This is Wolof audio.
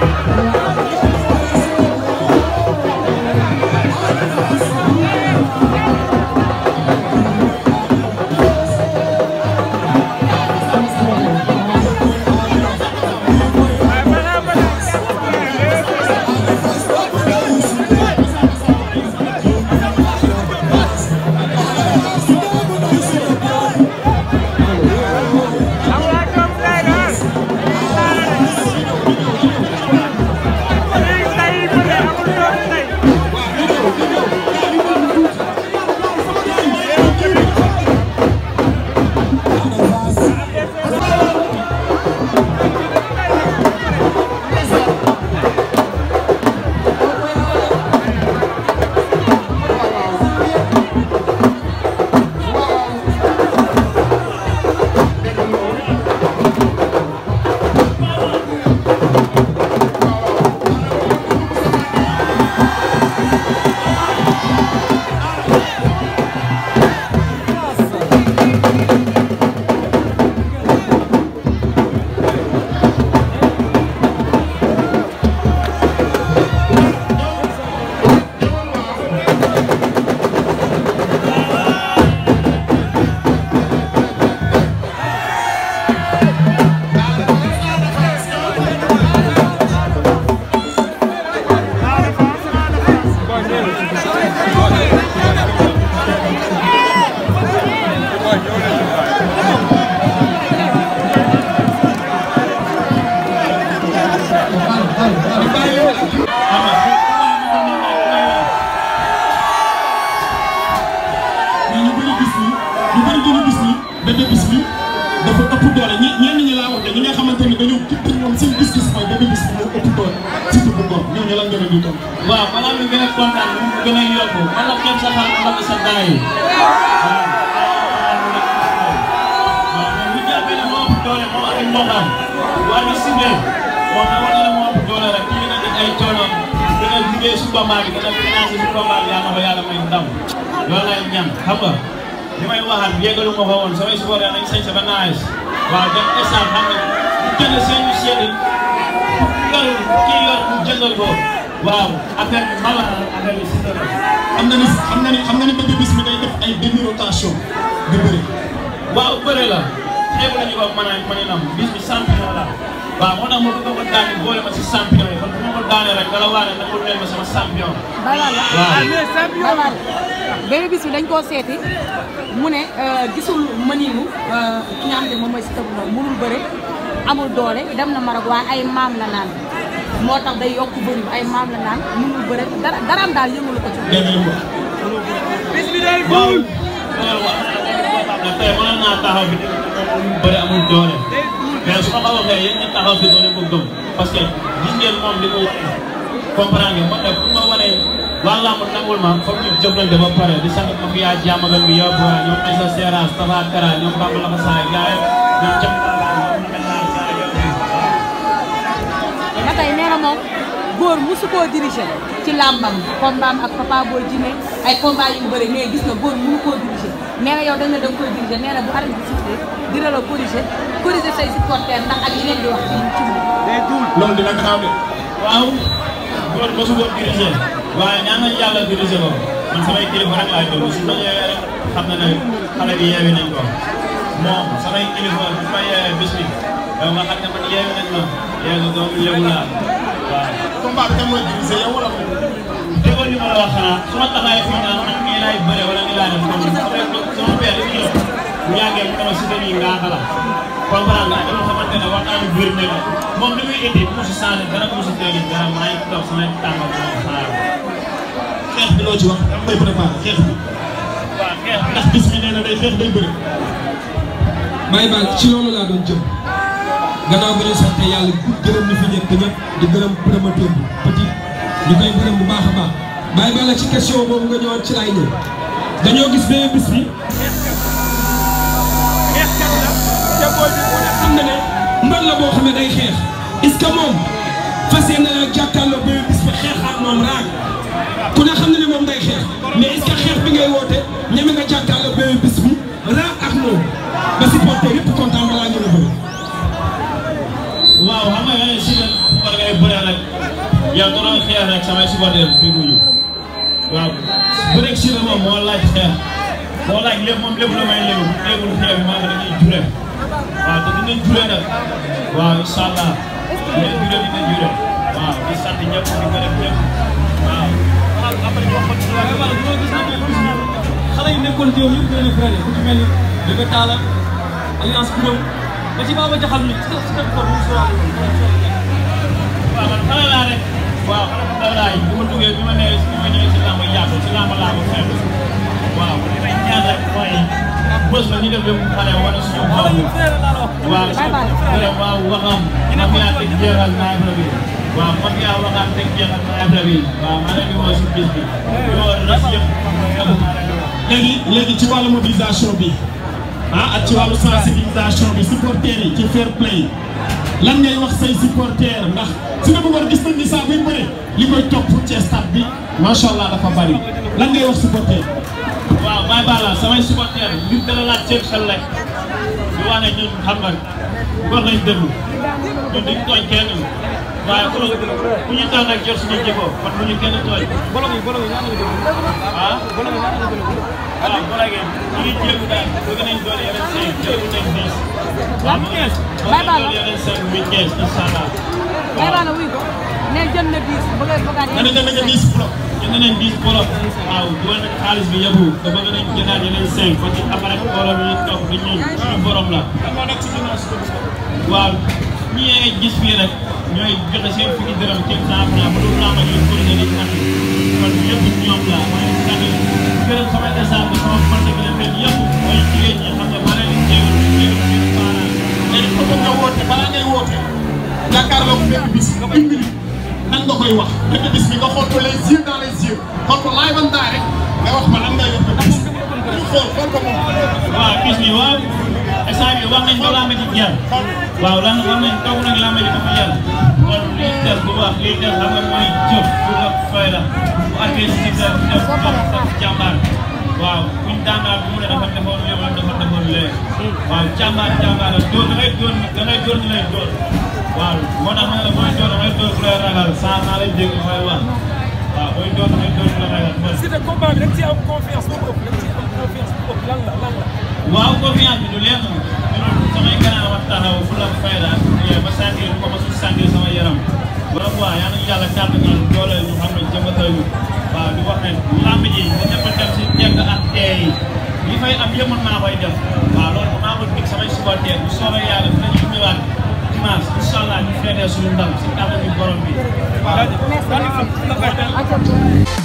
Yeah. gis nga ëpp doole surtout bu ngoog ñooñu lan nga doon kita waaw maanaam ñu gën a kontaan ñu Kita a yokku man la kenn sa xar ndax sa daay waaw. doole moo kita mboxam waaye ñu simbe moom na wala moo ëpp doole rek ñu gën a def ay coono gën a liggéey su combat bi gën a financé su combat bi yàlla ko yàlla may ndam loolu lay yor kii nga ni a a bi la waaw moo tax ma bëgg ko daane boole ah, dañ koo seeti mu ne euh, gisul mëniinu euh, ki nga xam ne moom mooy Siteu bu noonu bëre amul doole dem na Maroc waaye ay maam la naan moo tax day yokk bëriw ay maam la naan mënul bëre dara daraam daal yëngu ko ci. bis bi day góol. tey mën naa taxaw fi amul bëri amul doole mais su ma ko waxee yéen taxaw fi doole ko gëm parce que moom li ko war comprendre nga man de pour ma wanee waa làmb ma foog ñu jëflante ba pare di sant ma fi yaa jàmmagal bi yow bu waa ñoom Aïssa Seras Tafa Kara ñoom Bamba Lafa Saay gaay ñoom Franc moom góor musu koo diriger ci làmbam kombaam ak papa booy ay combat yu bëri gis na góor mënu koo diriger nee na yow dañ na da nga koy diriger nee bu arrêté sifflé dina góor mosu koo diriger waaye ñaan nañu yàlla diriger ko man samay kilifa rek laay déglu su ma ñëwee rek xam na ne xale bi yeewi nañ ko moom samay kilifa bu ma yeewee bis bi yow nga xam man yeewi nañ ma yeewi doomu yeewu laa. waaw combat bi tam mooy divisé yow wala moom. déggoo li ma la wax xanaa su ma taxawee fii naan man mii laay bëre wala mii laay def comme sama père li ñëw bu yàggee mu dama cité nii ngaa xalaat. comprendre nga dama xamante ne waxtaan bi wér na moom li muy indi mu si changé dara mu si tegi dara maa ngi toog sama tàngoor bi ma xalaat xeex bi loo ci wax am koy préparé xeex bi. waaw xeex ndax bis mi nee na day xeex day bëri. bàyyi baal ci loolu laa doon jëm. gannaaw bi ñu sant yàlla gërëm ñu fi nekk ñëpp di gërëm promoteur bi petit ñu koy gërëm bu baax a baax bàyyi ba la ci question boobu nga ñëwaat ci laay ñëw dañoo gis benn bis bi. xeexkat la te booy bi ku ne xam na ne mbër la boo xam ne day xeex est-ce que moom fas yéene na jàkkaarloo benn bis bi xeex ak moom raag ku ne xam na ne moom day xeex mais est xeex bi ngay woote ñeme nga jàkkaarloo. ak samay supporters dégguñu waaw bu nekk si la moom moo laaj xeex moo laaj lépp moom lépp la may léegi bu nekkul xeex bi maa ngi dañuy jure waaw te dinañ jure nag waaw incha allah léegi jure dina jure waaw di sant ñëpp di gërëm ñëpp waaw. xale yi nekkoon ci yow yëpp dina leen freiné ku ci mel ni Bébé Talla alliance Kuréem ba ci Baba Jaxal mi ci si ko bu mu waaw man xale laa rek waaw. yi bi duggee bi ma nee bi ma ñëwee si làmb yàggu si làmb laa ko xeeb waaw li may ñaan rek mooy bés la ñu def lépp xale wala suñu kaw waaw suñu waaw waxam man yaa teg jeexal naaj la bi waaw man yaa waxaat teg jeexal naaj la bi waaw maa leen di woo si bés bi loolu rek yëpp léegi léegi ci wàllu mobilisation bi ah ak ci wàllu sensibilisation bi supporters yi ci fair play lan ngay wax say supporter ndax su ne bëggoon gis nañ ni saa buy bëre li koy topp ci stade bi macha allah dafa bari lan ngay wax supporter waaw Baye Balla samay supporter nit dana laaj seen xel rek di wax ne ñun xam nga war nañ déglu ñun duñ tooñ kenn waaye ku ñu kenn tooñ. bolo gi bolo gi ñaata la waaw bolo gi ñu lan bay baal la bay baal la wuy ko ne jënd na 10 ba ngay bëggaat yeneen. jënd nañ 10 bloc jënd nañ 10 bloc waaw bu wane xaalis bi yóbbu te bëgg nañ jëndaat yeneen 5 ba ci après borom yi toog di ñëw suñu borom la. waaw ñi ngay gis fii rek ñooy joxe seen fukki dërëm ceeb naa ma bu dul naa ma ñuy kon yëpp ñoom la waaye tamit gërëm sama exemple sama porte bi la mel yëpp mooy jigéen ñi xam ne maa leen di première bis nga koy indi nan nga koy wax dëgg bis bi nga xool ko les yeux dans les yeux xool ko live and direct nga wax ma lan nga yokk bis ñu xool xool ko moom. waaw bis bi waaw instant bi wax nañ ba laa ma ci jar waaw lan wax nañ toog nañ laa ma ci fi jar kon liy def bu baax liy def xam nga mooy jëf bu nga fay la bu àggee si def def def jàmbaar waaw buñ daanaka bu mu ne dafa defoon léegi dafa defoon léegi waaw jàmbaar jàmbaar la doon da ngay doon da ngay doon lay doon. waaw moo tax ne la booy doon damay doon ku lay ragal saa naa lay jéggi damay wax waaw booy doon damay doon ku lay ragal. si de combat bi da nga ciy am confiance bu ëpp da nga ciy am confiance bu ëpp lan la sama yaram. wala waa yaa ngi yàlla kàttanal doole ñu xam ne jëmbatal di wax ne làmb ji dañ ne ko def si jàng ak teey li fay am yëpp mën naa koy def waaw loolu maa ngi ko dig samay dimanche incha allah ñu féetee suñu ndam si kàddu gi borom bi. waaw.